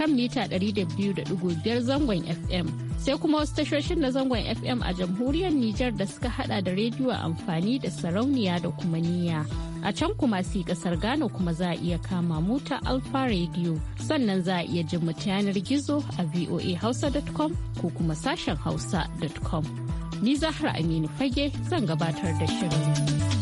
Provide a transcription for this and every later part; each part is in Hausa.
kan mita 200.5 zangon FM. Sai kuma wasu tashoshin na zangon FM a jamhuriyar Nijar da suka hada da rediyo amfani da sarauniya da kuma niyya A can kuma si kasar Ghana kuma za a iya kama muta Alfa Radio sannan za a iya jin mu yanar gizo a voahausa.com ko kuma sashen hausa.com. Ni Zahra Aminu Fage zan gabatar da shirin.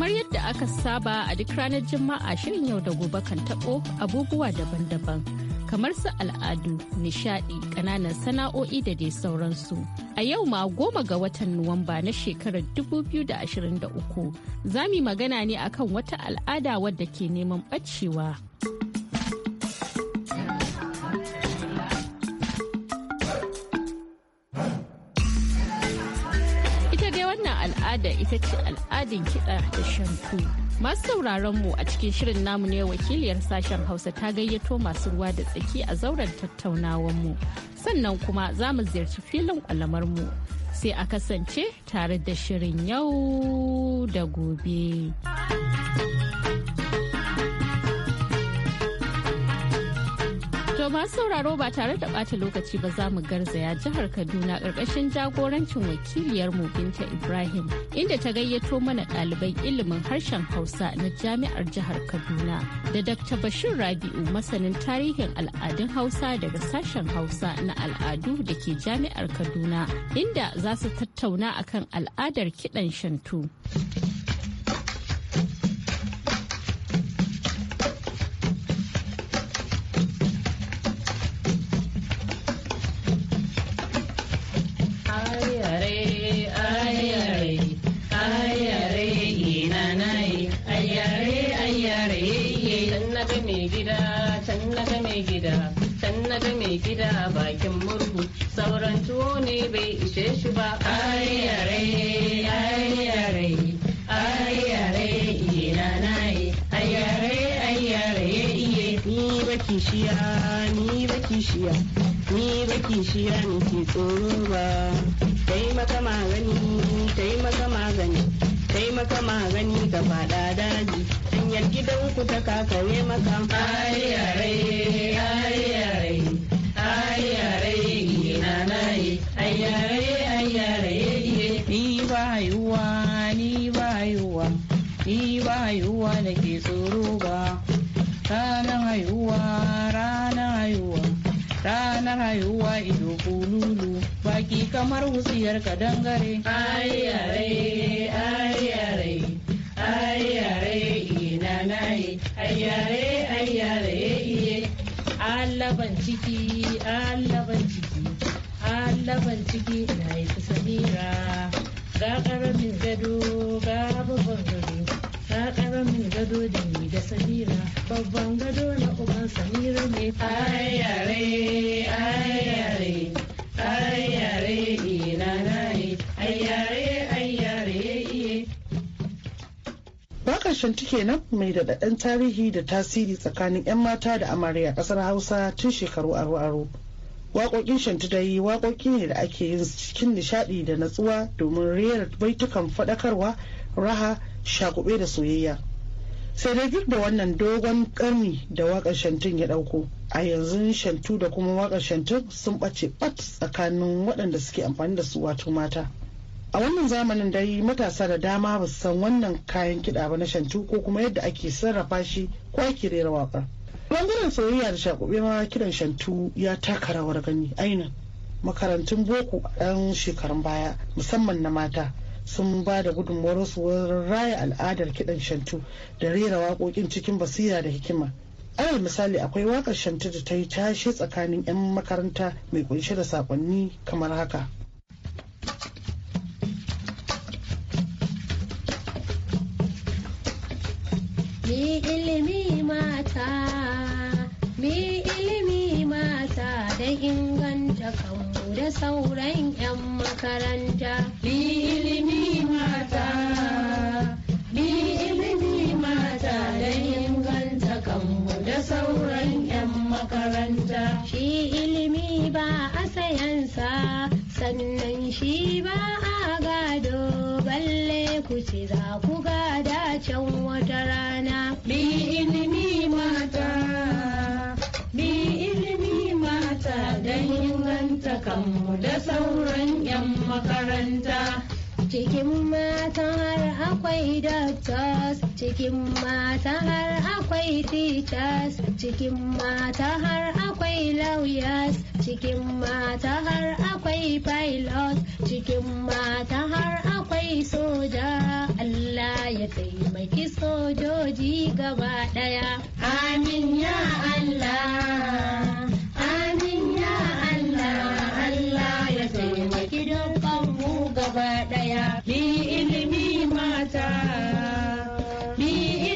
Kamar yadda aka saba a duk ranar jima'a shirin yau da gobe kan taɓo abubuwa daban-daban kamar su al'adu, nishadi, ƙananan sana'o'i da dai sauransu. A yau ma goma ga watan Nuwamba na shekarar 2023 za mu magana ne akan wata al'ada wadda ke neman ɓacewa. al'ada ita ce al'adin kiɗa da shantu. Masu sauraron mu a cikin shirin namu ne wakiliyar sashen Hausa ta gayyato masu ruwa da tsaki a zauren tattaunawar mu. Sannan kuma za mu ziyarci filin kwalamar mu. Sai a kasance tare da shirin yau da gobe. masu sauraro ba tare da ɓata lokaci ba za mu garzaya jihar Kaduna ƙarƙashin jagorancin wakiliyar mu Binta Ibrahim inda ta gayyato mana ɗaliban ilimin harshen Hausa na jami'ar jihar Kaduna da Dr. Bashir Rabi'u masanin tarihin al'adun Hausa daga sashen Hausa na al'adu da ke jami'ar Kaduna inda za su tattauna akan al'adar kiɗan shantu. gida can mai gida bakin murhu sauran tuwo ne bai ishe shi ba ai yare ai yare ai yare iye na naye ai yare ai yare iye ni baki shiya ni baki shiya ni baki shiya ni ke tsoro ba taimaka magani taimaka magani sai maka magani ga fada daji hanyar gidan ku ta kakare maka ayyare ayyare ayyare gina naye ayyare ayyare ni ba haihuwa ni ba haihuwa ni ba haihuwa da ke tsoro ba ranar haihuwa ranar haihuwa ranar haihuwa ido kululu baki kamar wutsiyar ka dangare ayyare ayyare yare ai yare iye allaban ciki allaban ciki allaban ciki na yi samira ga karamin gado ga babban gado ga karamin gado da ni da samira babban gado na uban samira ne ayyare ayyare ayyare ina na ne ayyare kasashen cike nan mai daɗaɗen tarihi da tasiri tsakanin 'yan mata da amarya ƙasar hausa tun shekaru aro-aro waƙoƙin shantu yi waƙoƙi ne da ake yin cikin nishaɗi da natsuwa domin rera baitukan faɗakarwa raha shakuɓe da soyayya sai dai duk da wannan dogon ƙarni da waƙar shantun ya ɗauko a yanzu shantu da kuma waƙar shantun sun ɓace ɓat tsakanin waɗanda suke amfani da su wato mata a wannan zamanin dai matasa da dama ba san wannan kayan kiɗa ba na shantu ko kuma yadda ake sarrafa shi ko ake rera waƙa bangaren soyayya da shakobe ma kiɗan shantu ya taka rawar gani aina makarantun boko a 'yan shekarun baya musamman na mata sun ba da gudunmuwar su wurin raya al'adar kiɗan shantu da rera waƙoƙin cikin basira da hikima alal misali akwai waƙar shantu da ta yi tashe tsakanin 'yan makaranta mai kunshe da saƙonni kamar haka mi ilimi ilimi mata da inganta kanmu da sauran 'yan makaranta Bi ilimi mata bi ilimi mata da inganta kanmu da sauran 'yan makaranta shi ilimi ba a sayansa sannan shi ba a gado bal ku ce za ku ga can wata rana. Bi ilimi mata, bi ilimi mata don inganta kanmu da sauran 'yan makaranta. cikin mata har akwai doctors cikin mata har akwai teachers cikin mata har akwai lawyers cikin mata har akwai pilot cikin mata har akwai soja Allah ya taimaki sojoji gaba daya amin ya Allah amin ya Allah gaba daya mi ilimi mata bi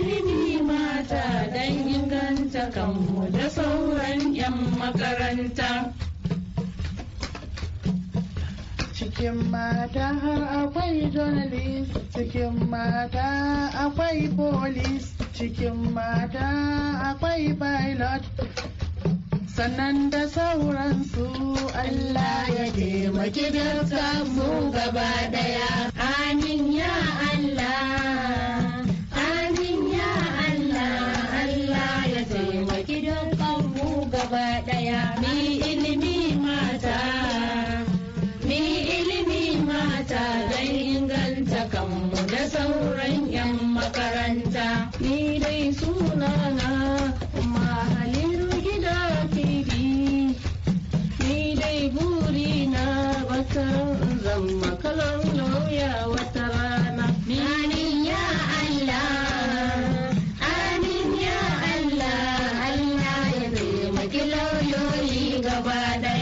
ilimi mata dan inganta kanmu da sauran 'yan makaranta cikin mata har akwai journalist cikin mata akwai police cikin mata akwai pilot sannan da sauransu Allah ya taimaki dukkan mu gaba daya amin ya Allah amin ya Allah Allah ya taimaki dukkan mu gaba daya mi ilimi mata mi ilimi mata don inganta kanmu da sauran yan makaranta ni dai suna gaba da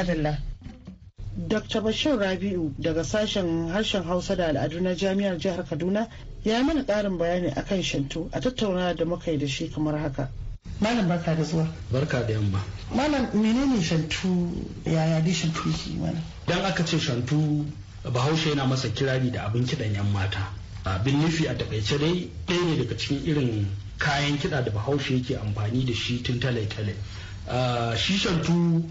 madalla. Dr. Bashir Rabi'u daga sashen harshen Hausa da al'adu na Jami'ar Jihar Kaduna ya yi mana ƙarin bayani akan shantu a tattauna da muka yi da shi kamar haka. Malam barka da zuwa. Barka da yamma. Malam menene shantu yaya dai shantu yake mana? Dan aka ce shantu Bahaushe yana masa kirari da abin kiɗan 'yan mata. Abin nufi a takaice dai ɗaya ne daga cikin irin kayan kiɗa da Bahaushe yake amfani da shi tun tale-tale. Ah, shi shantu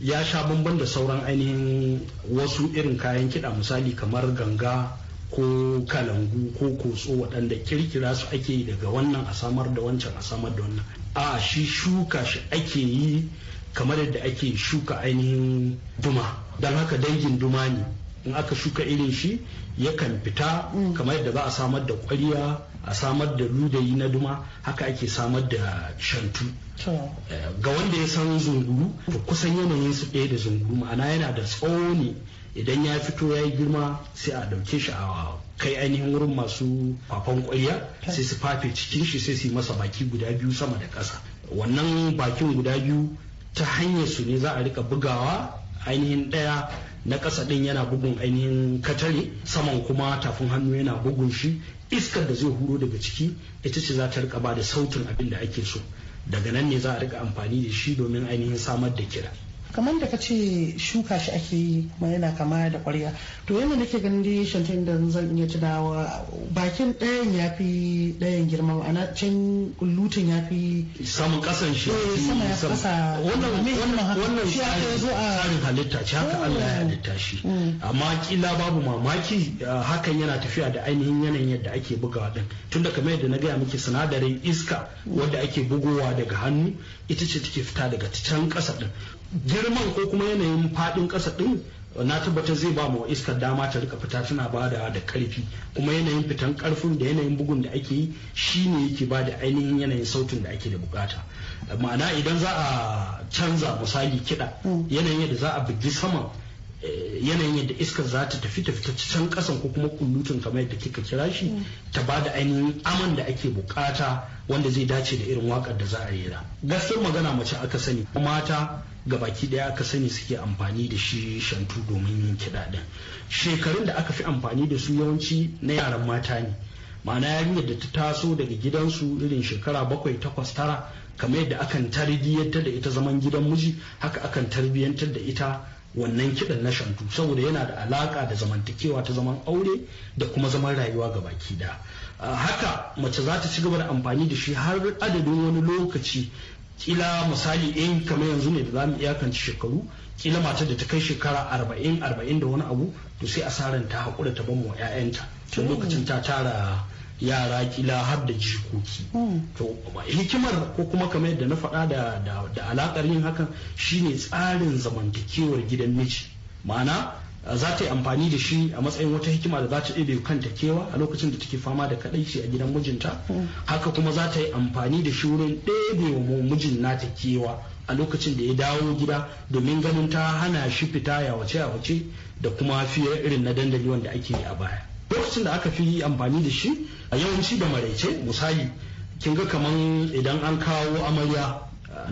ya sha bamban da sauran ainihin wasu irin kayan kiɗa misali kamar ganga ko kalangu ko kotso waɗanda kirkira su ake yi daga wannan a samar da wancan a samar da wannan a shi shuka shi ake yi kamar yadda ake shuka ainihin duma don haka dangin duma ne in aka shuka irin shi yakan fita mm. kamar yadda za a samar da kwariya a samar da ludayi na duma haka ake samar da shantu eh, ga wanda ya san zunguru to kusan yanayin su ɗaya da zunguru ma'ana yana da tsawo ne idan ya fito ya yi girma sai a ɗauke shi a kai ainihin wurin masu fafan kwariya sai su fafe cikin shi sai su yi masa baki guda biyu sama da ƙasa wannan bakin guda biyu ta hanyar su ne za a rika bugawa ainihin ɗaya na ƙasa ɗin yana bugun ainihin katare saman kuma tafin hannu yana bugun shi iskar da zai huro daga ciki ita ce za ta rika ba da sautin abin da ake so daga nan ne za a rika amfani da shi domin ainihin samar da kira kamar da ka ce shuka shi ake yi kuma yana kama da kwarya to yana nake ganin dai shantain da zan iya tunawa bakin ɗayan ya fi ɗayan girma ma'ana can lutin ya fi samun ƙasan shi eh, sama ya ƙasa wannan wannan shi ya zo a tsarin halitta ci haka oh. Allah ya halitta shi mm. amma kila babu mamaki ah, hakan yana tafiya da ainihin yanayin yadda ake bugawa din tunda kamar yadda na gaya miki sinadarin iska wanda ake bugowa daga hannu ita ce take fita daga can ƙasa din girman ko kuma yanayin faɗin ƙasa ɗin na tabbatar zai ba wa iskar dama ta rika fita tana ba da da karfi kuma yanayin fitan karfin da yanayin bugun da ake yi shine yake ba da ainihin yanayin sautin da ake da bukata ma'ana idan za a canza misali kiɗa yanayin yadda za a bugi saman eh, yanayin yadda iskar za ta tafi ta fita can kasan ko kuma kullutun kamar yadda kika kira shi ta ba da ainihin aman da ake bukata wanda zai dace da irin wakar da za a yi gaskiyar magana mace aka sani mata gabaki daya aka sani suke amfani da shi shantu domin yin kiɗa ɗin shekarun da aka fi amfani da su yawanci na yaran mata ne ma'ana yarinyar da ta taso daga gidansu irin shekara bakwai takwas tara kamar yadda akan tarbiyyantar da ita zaman gidan miji haka akan tarbiyyantar da ita wannan kiɗan na shantu saboda yana da alaƙa da zamantakewa ta zaman aure da kuma zaman rayuwa ga baki haka mace za ta ci gaba da amfani da shi har adadin wani lokaci kila misali in kamar yanzu ne da za mu iyakance shekaru kila matar da ta kai shekara arba'in arba'in da wani abu to sai asaran ta haƙura ta bamu wa 'ya'yanta tun hmm. lokacin ta tara yara kila har da jikoki hmm. to hikimar ko kuma kamar yadda na faɗa da da alaƙar yin hakan shine tsarin zamantakewar gidan miji ma'ana za ta yi amfani da shi a matsayin wata hikima da za ta ɗebe kanta kewa a lokacin da take fama da kadaici a gidan mijinta mm. haka kuma za ta yi amfani da shi wurin ɗebe wa mijin nata kewa a lokacin da ya dawo gida domin ganin ta hana shi fita ya wace ya wace da kuma fiye irin na dandali wanda ake yi a baya lokacin da aka fi amfani da shi a yawanci da maraice misali kin ga kaman idan an kawo amarya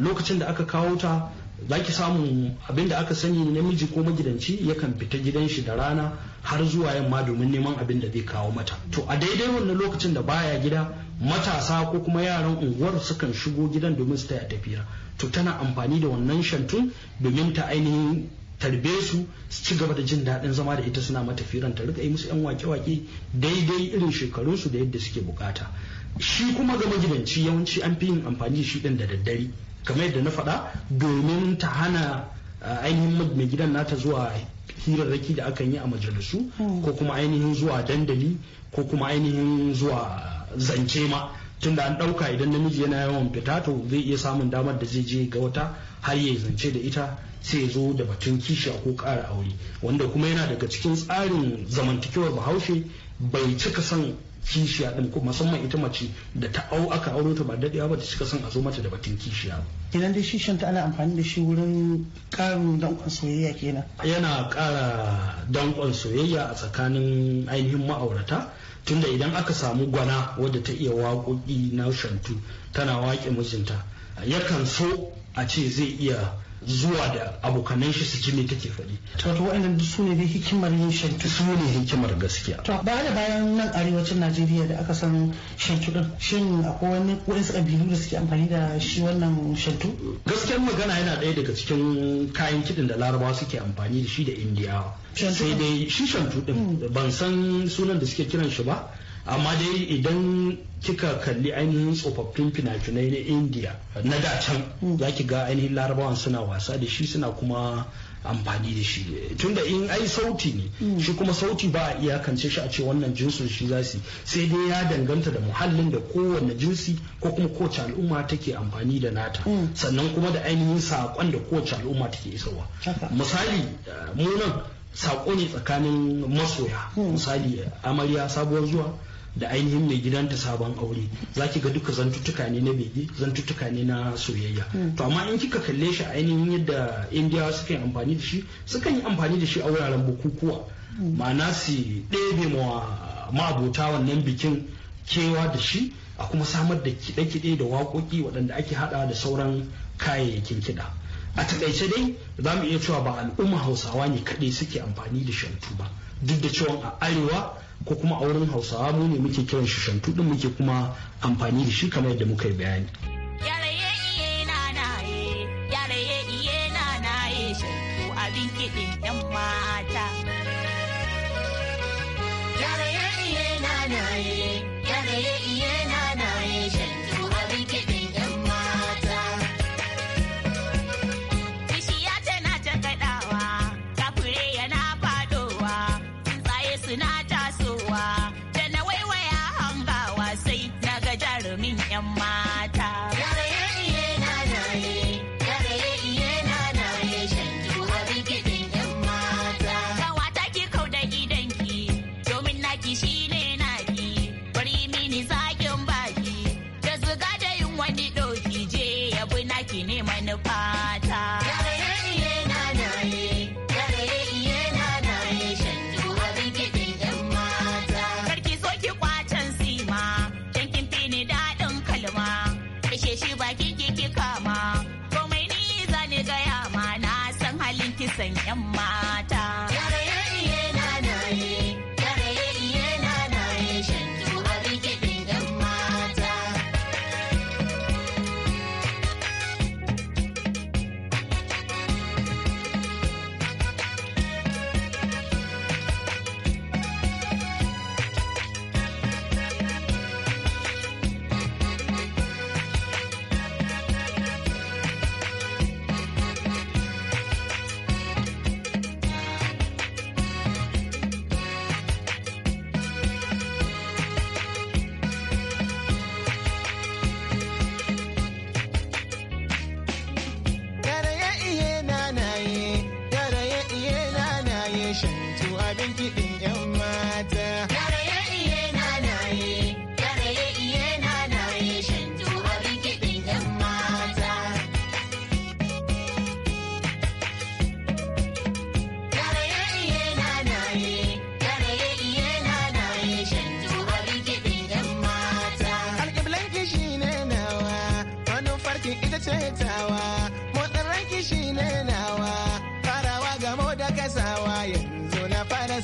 lokacin da aka kawo ta za ki samu abin da aka sani namiji ko magidanci yakan fita gidan shi da rana har zuwa yamma domin neman abin da zai kawo mata to a daidai wannan lokacin da baya gida matasa ko kuma yaran unguwar sukan shigo gidan domin su taya tafira to tana amfani da wannan shantun domin ta ainihin tarbe su su ci gaba da jin daɗin zama da ita suna mata firan ta rika yi musu yan wake-wake daidai irin shekarunsu da yadda suke bukata shi kuma ga magidanci yawanci an fi yin amfani da shi ɗin da daddare kamar yadda na faɗa domin ta hana eh, ainihin mai gidan nata zuwa hirarraki da akan yi a majalisu hmm. ko kuma ainihin zuwa dandali ko kuma ainihin zuwa zance ma tunda an ɗauka idan namiji yana yawan fita to zai iya samun damar da zai je ga wata har ya zance da ita sai ya zo da batun kishi ko ƙara aure wanda kuma yana daga cikin tsarin zamantakewar bahaushe bai cika son kishiya din ko musamman ita mace da ta au aka auro ta ba dadewa ba ta cika son a zo mata da batun kishiya idan dai shishin ta ana amfani da shi wurin karin dankon soyayya kenan yana kara dankon soyayya a tsakanin ainihin ma'aurata tunda idan aka samu gwana wadda ta iya waƙoƙi na shantu tana waƙe mijinta yakan so a ce zai iya zuwa da abokanan shi su ji me take faɗi. To to wa'annan su ne dai hikimar yin shantu su ne hikimar gaskiya. To ba da bayan nan arewacin Najeriya da aka san shantu din shin akwai wani wasu kabilu da suke amfani da shi wannan shantu? Gaskiyar magana yana ɗaya daga cikin kayan kiɗin da Larabawa suke amfani da shi da Indiyawa. Sai dai shi shantu ɗin. Hmm. ban san sunan da suke kiran shi ba. amma dai idan kika kalli ainihin tsofaffin fina-finai na indiya na da can za ki ga ainihin larabawan suna wasa da shi suna kuma amfani da shi tunda in ai sauti ne shi kuma sauti ba a iyakance shi a ce wannan jinsin shi za su sai dai ya danganta da muhallin da kowane jinsi ko kuma kowace al'umma take amfani da nata mm. sannan kuma da ainihin saƙon da kowace al'umma take isarwa misali eh, mu nan saƙo ne tsakanin masoya mm. misali eh, amarya sabuwar zuwa da ainihin mai gidanta sabon aure za ki ga duka zantuttuka ne na bege zantuttuka ne na soyayya hmm. to amma in kika kalle shi a ainihin yadda indiyawa suka yi amfani da shi sukan yi amfani da shi a wuraren bukukuwa hmm. ma'ana su ɗebe ma ma'abota wannan bikin kewa da shi a kuma samar da kiɗe-kiɗe da waƙoƙi waɗanda ake haɗa da sauran kayayyakin kiɗa a taƙaice dai za mu iya cewa ba al'umma hausawa ne kaɗai suke amfani da shantu ba duk da cewa a arewa ko kuma a wurin hausawa mu ne muke kiran shi shantu din muke kuma amfani da shi kamar yadda muka yi bayani abin kiɗin 'yan Hassan feet.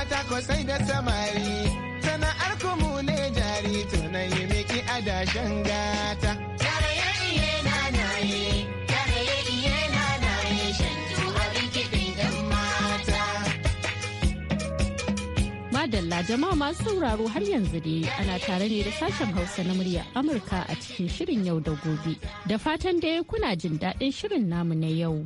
mata ko sai da samari sana'ar kuma ne jari to na yi miki adashin gata Madalla jama'a masu sauraro har yanzu dai ana tare ne da sashen Hausa na murya Amurka a cikin shirin yau da gobe. Da fatan dai kuna jin daɗin shirin namu na yau.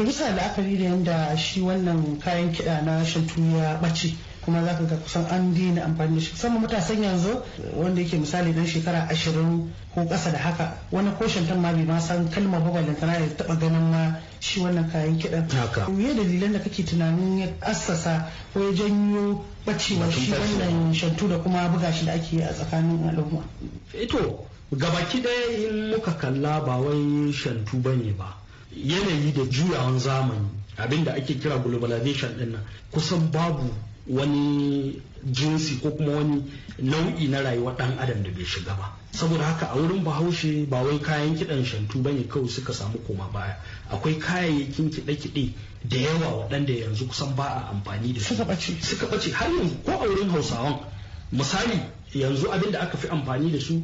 to bisa la'akari da yadda shi wannan kayan kiɗa na shantu ya ɓace kuma za ka ga kusan an daina amfani da shi sama matasan yanzu wanda yake misali dan shekara ashirin ko ƙasa da haka wani ko shantan ma bai ma san kalmar ba ballantana ya taɓa ganin ma shi wannan kayan kiɗan. Haka. Me dalilan da kake tunanin ya assasa ko ya janyo bacewa shi wannan shantu da kuma buga shi da ake yi a tsakanin al'umma. Ito eh gabaki ɗaya in muka kalla ba wai shantu bane ba. yanayi da juyawan zamani abinda ake kira globalization din nan kusan babu wani jinsi ko kuma wani nau'i na rayuwa dan adam da bai shiga ba saboda haka a wurin bahaushe ba wai kayan kidan shantu ba ne kawai suka samu koma baya akwai kayayyakin kiɗe-kiɗe da yawa waɗanda yanzu kusan ba a amfani da su suka bace suka bace har yanzu ko a wurin hausawan misali yanzu abin da aka fi amfani da su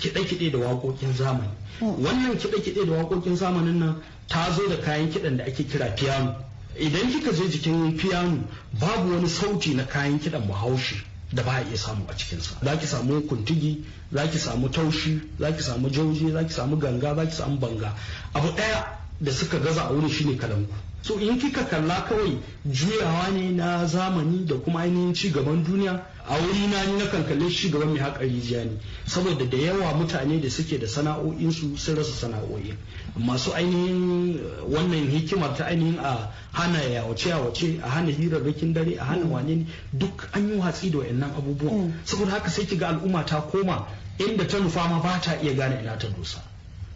kiɗe-kiɗe da waƙoƙin zamani hmm. wannan kiɗe-kiɗe da waƙoƙin zamanin nan ta zo da kayan kiɗan da ake kira piano idan kika je jikin piano babu wani sauti na kayan kiɗan bahaushe da ba a iya samu a cikinsa za ki samu kuntigi za ki samu taushi za ki samu jauje za ki samu ganga za ki samu banga abu ɗaya da suka gaza a wuri shine kalangu so in kika kalla kawai juyawa ne na zamani da kuma ainihin ci gaban duniya a wuri na na nakan kalli shugaban mai haƙari jiya ne saboda da yawa mutane da suke da sana'o'insu sun rasa sana'o'i masu ainihin eh, wannan hikimar ta ainihin a hana yawace yawace a hana hirarrakin dare a hana wane duk an yi watsi da wayannan abubuwa mm. saboda haka sai kiga al'umma ta koma inda ta nufa ma ba ta iya gane ina ta dosa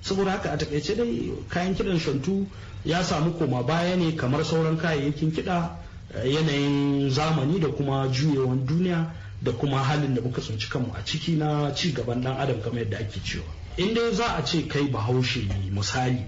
saboda haka a takaice dai kayan kidan shantu ya samu koma baya ne kamar sauran kayayyakin kiɗa eh, yanayin zamani da kuma juyewan duniya da kuma halin da muka tsinci kanmu a ciki na ci gaban dan adam kamar yadda ake cewa in dai za a ce kai bahaushe ne misali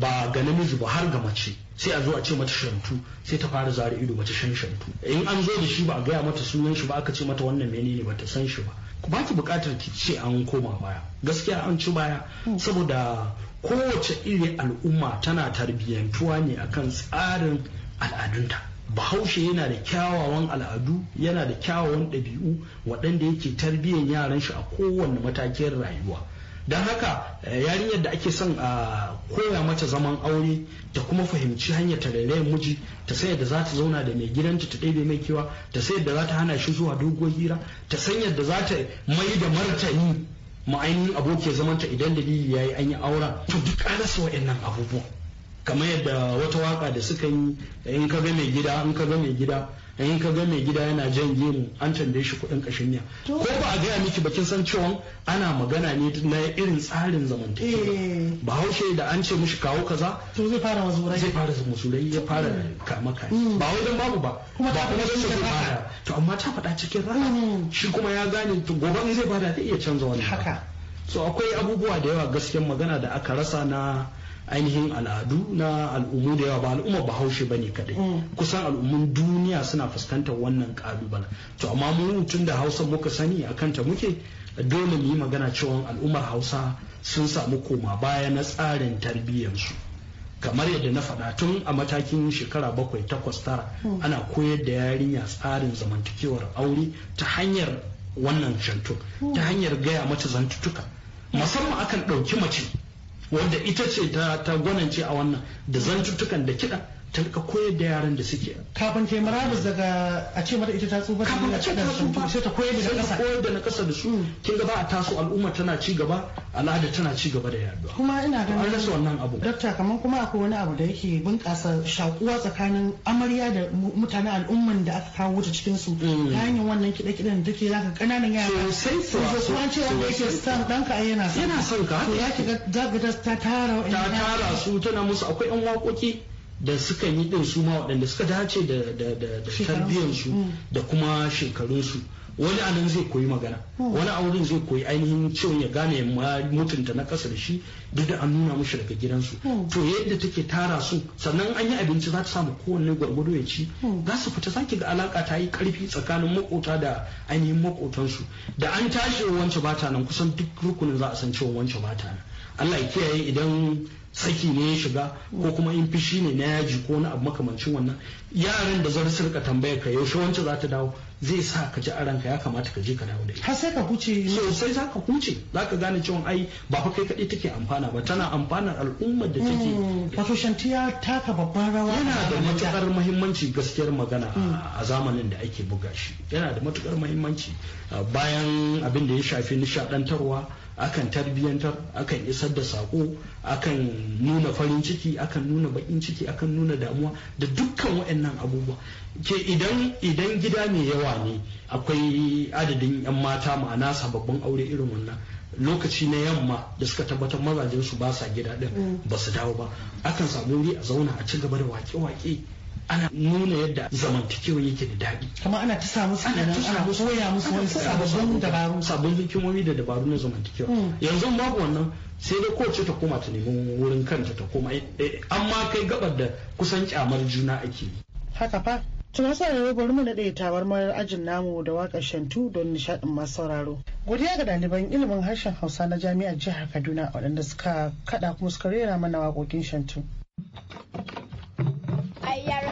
ba ga namiji ba har ga mace sai a zo a ce mata shantu sai ta fara zare ido mace shan shantu in an zo da shi ba a gaya mata sunan shi ba aka ce mata wannan menene ba ta san shi ba ba ki bukatar ki ce an koma baya gaskiya an ci baya hmm. saboda kowace irin al'umma tana tarbiyyantuwa ne akan tsarin al'adunta bahaushe yana da kyawawan al'adu yana da kyawawan ɗabi'u waɗanda yake tarbiyyar yaran shi a kowane matakin rayuwa don haka eh, yarinyar da ake son a koya mata zaman aure ta kuma fahimci hanyar ta rairayin miji ta sai yadda za ta zauna da mai gidanta ta ɗebe mai kewa ta sai yadda za ta hana shi zuwa dogon hira ta san yadda za ta mai da martani ma'ainihin abokiyar zamanta idan dalili ya yi an yi aura to duk an rasa waɗannan abubuwa. kamar yadda wata waka da suka yi in ka ga mai gida in ka ga mai gida in ka ga mai gida yana jan gemu an tambaye shi kuɗin kashin ya ko ba a gaya miki bakin san cewa ana magana ne na irin tsarin zamantakewa eh. ba haushe da an ce mishi kawo kaza to zai fara musulai zai fara musulai ya fara mm. kama kai mm. ba wai dan babu ba ba kuma zai ce baya to amma ta faɗa cikin rana mm. shi kuma ya gane to gobe in zai fara ta iya canza wani haka so akwai abubuwa da yawa gaskiyar magana da aka rasa na ainihin al'adu na al'ummu da yawa ba al'ummar bahaushe ba ne kadai mm. kusan al'ummun duniya suna fuskantar wannan kalubalen to amma mu tun da hausa muka sani a kanta muke dole mu yi magana cewa al'ummar hausa sun samu koma baya na tsarin tarbiyyarsu kamar yadda na faɗa tun a matakin shekara bakwai takwas tara mm. ana koyar da yarinya tsarin zamantakewar aure ta hanyar wannan shantu ta mm. hanyar gaya mata zantuttuka musamman akan ɗauki mace wanda ita ce ta ta gwanance a wannan da zantuttukan da kiɗa ta rika koyar da yaran da suke kafin ta murabus daga a ce mata ita ta tsufa kafin ta tsufa sai ta koyar da na koyar da da su mm. kin ga ba a taso al'umma tana ci gaba al'ada tana ci gaba da yaduwa kuma ina ganin an rasa wannan abu dakta kamar kuma akwai wani abu da yake bunkasa shakuwa tsakanin amarya da mutanen al'umman da aka kawo ta cikin su mm. ta hanyar wannan kide-kiden da take zaka kananan yara sai sosai. so an ce wanda yake san danka ai yana son yana son ka to ya ga ta tara ta tara su tana musu akwai yan waƙoƙi da suka yi din su ma waɗanda suka dace da tarbiyyarsu mm. da kuma shekarunsu wani anan zai koyi magana mm. wani a wurin zai koyi ainihin ciwon ya gane ya mutunta na ƙasa da shi duk da an nuna mushi daga gidansu mm. to yadda take tara su sannan an yi abinci za ta samu kowanne gwargwado ya ci za su fita sake ga alaka ta yi karfi tsakanin makota da ainihin makotansu da an tashi wance bata nan kusan duk rukunin za a san cewa wance bata nan Allah ya kiyaye idan saki ne ya shiga ko kuma in fishi ne na yaji ko na abu makamancin wannan yaran da za su rika tambaya ka yaushe wancan za ta dawo zai sa ka ji a ranka ya kamata ka je ka dawo da ita sai ka huce sosai za ka huce za ka gane cewa ai ba fa kai kaɗai take amfana ba tana amfanar al'ummar da take wato hmm. shantiya taka babban rawa yana da matukar mahimmanci gaskiyar magana a zamanin da ake buga shi yana da matukar muhimmanci bayan abin da ya shafi nishaɗantarwa. akan tarbiyyantar akan isar da sako akan nuna farin ciki akan nuna bakin ciki akan nuna damuwa da dukkan waɗannan abubuwa ke idan idan gida mai yawa yawa ne akwai adadin 'yan mata ma'ana sababbin aure irin wannan lokaci na yamma da suka tabbatar mazajen su ba sa gida din mm. ba su dawo ba akan samu wuri a zauna a ci gaba da wake-wake ana nuna yadda zamantakewa yake da daɗi. kuma ana ta samu ana ta samu soya musu wani sababbin dabaru sabon hikimomi da dabaru na zamantakewa. Mm. Yanzu babu wannan sai dai kowace ta koma ta nemi wurin kanta ta koma eh, eh, amma kai gabar da kusan kyamar juna ake yi. Haka fa Tuma sauraro bari mu daɗe tabarmar ajin namu da waƙar shantu don nishaɗin masu sauraro. Godiya ga ɗaliban ilimin harshen Hausa na jami'ar jihar Kaduna waɗanda suka kaɗa kuma suka rera mana waƙoƙin shantu. Ayyar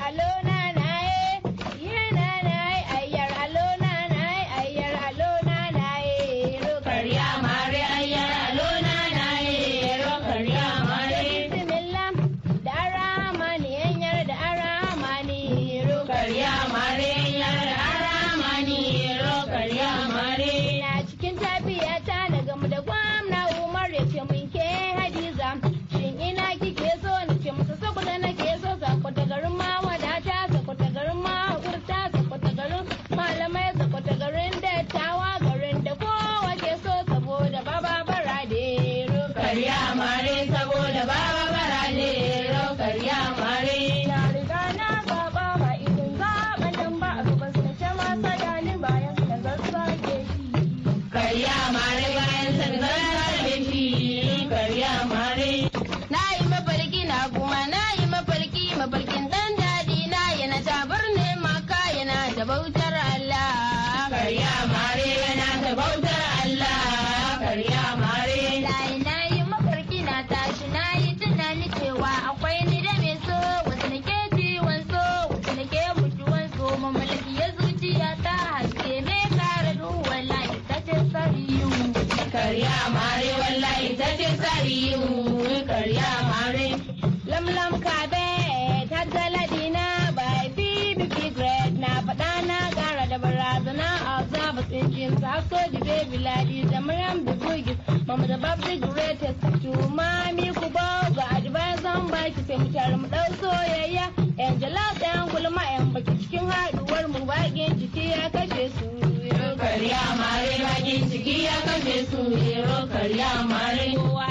baby ladies, the Maryam the Boogies, Mama the Bob the Greatest, to ga advice on baki sai mu tare mu soyayya, yan jalab yan gulma yan baki cikin haɗuwar mu bakin jiki ya kashe su. mare bakin ya kashe su, mare.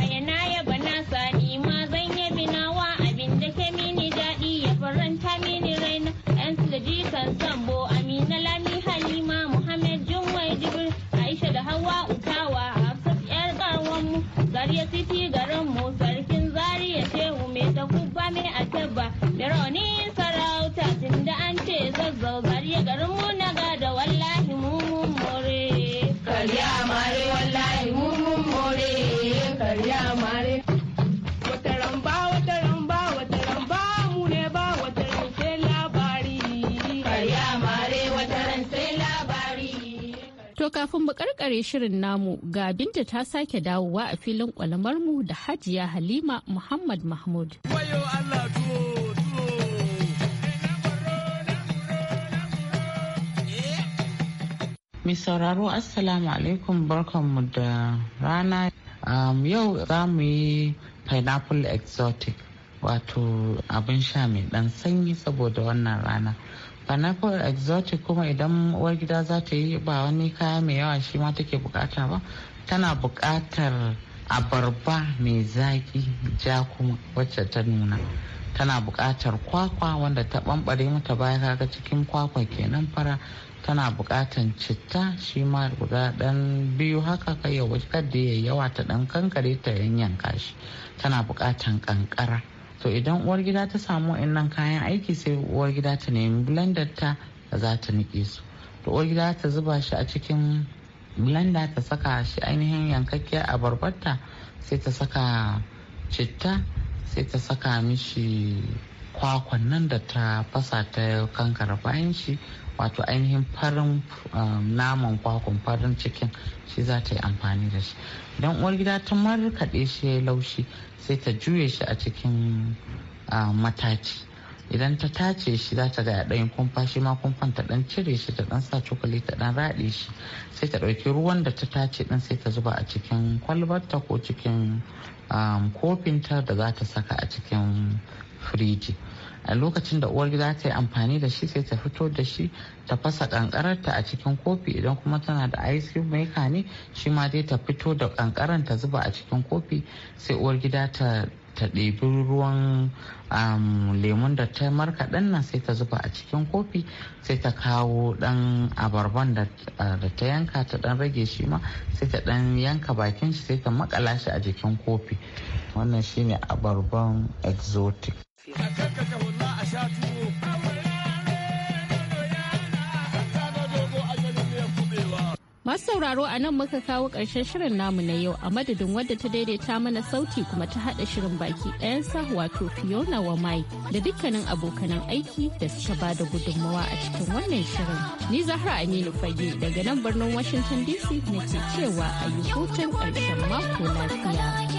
kai shirin namu ga binta ta sake dawowa a filin kwalamar mu da hajiya halima muhammad mahmud mai sauraro assalamu alaikum barkanmu da rana um, yau za mu yi pineapple exotic wato abin sha mai dan sanyi saboda wannan rana pineapple exotic kuma idan uwar gida za ta yi ba wani kaya mai yawa shi ma take bukata ba tana bukatar abarba mai zaki ja kuma wacce ta nuna tana bukatar kwakwa wanda ta bambare mata baya kaga cikin kwakwa kenan fara tana bukatar citta shi ma guda dan biyu haka kai ya wuce da ya yawa ta ɗan kankare ta yanyanka shi tana bukatar kankara. to idan uwar gida ta samu wa'annan kayan aiki sai uwar gida ta nemi blender ta zata za ta nike su to uwar gida ta zuba shi a cikin blender ta saka shi ainihin yankakkiya a abarbarta sai ta saka citta sai ta saka mishi kwakwan nan da ta fasa ta kankara bayan shi wato ainihin farin um, naman kwakwan farin cikin shi za ta yi amfani da shi don uwar gida ta markaɗe shi ya laushi sai ta juye shi a cikin um, mataci idan ta tace shi za ta ga ɗayan kumfa shi ma kumfan ta ɗan cire shi ta ɗan sa cokali ta ɗan raɗe shi sai ta ɗauki ruwan da ta tace ɗin sai ta zuba a cikin kwalbarta ko cikin um, kofinta da za ta saka a cikin firiji lokacin da uwar gida ta yi amfani da shi sai ta fito da shi ta fasa kankararta a cikin kofi idan kuma tana da ice cream maker ne shi ma dai ta fito da kankaran ta zuba a cikin kofi sai uwar gida ta ta ɗebi ruwan lemun da ta markaɗen nan sai ta zuba a cikin kofi sai ta kawo ɗan abarban da ta yanka ta ɗan rage shi ma sai ta ɗan yanka bakin shi sai ta makala shi a jikin kofi wannan shine abarban exotic Masu sauraro a nan muka kawo ƙarshen shirin namu na yau a madadin wadda ta daidaita mana sauti kuma ta haɗa shirin baki sa wato Fiona wa Mai da dukkanin abokanan aiki da suka ba da gudunmawa a cikin wannan shirin. Ni Zahra Aminu Fage daga nan birnin Washington DC nake cewa a yi hutun ƙarshen mako lafiya.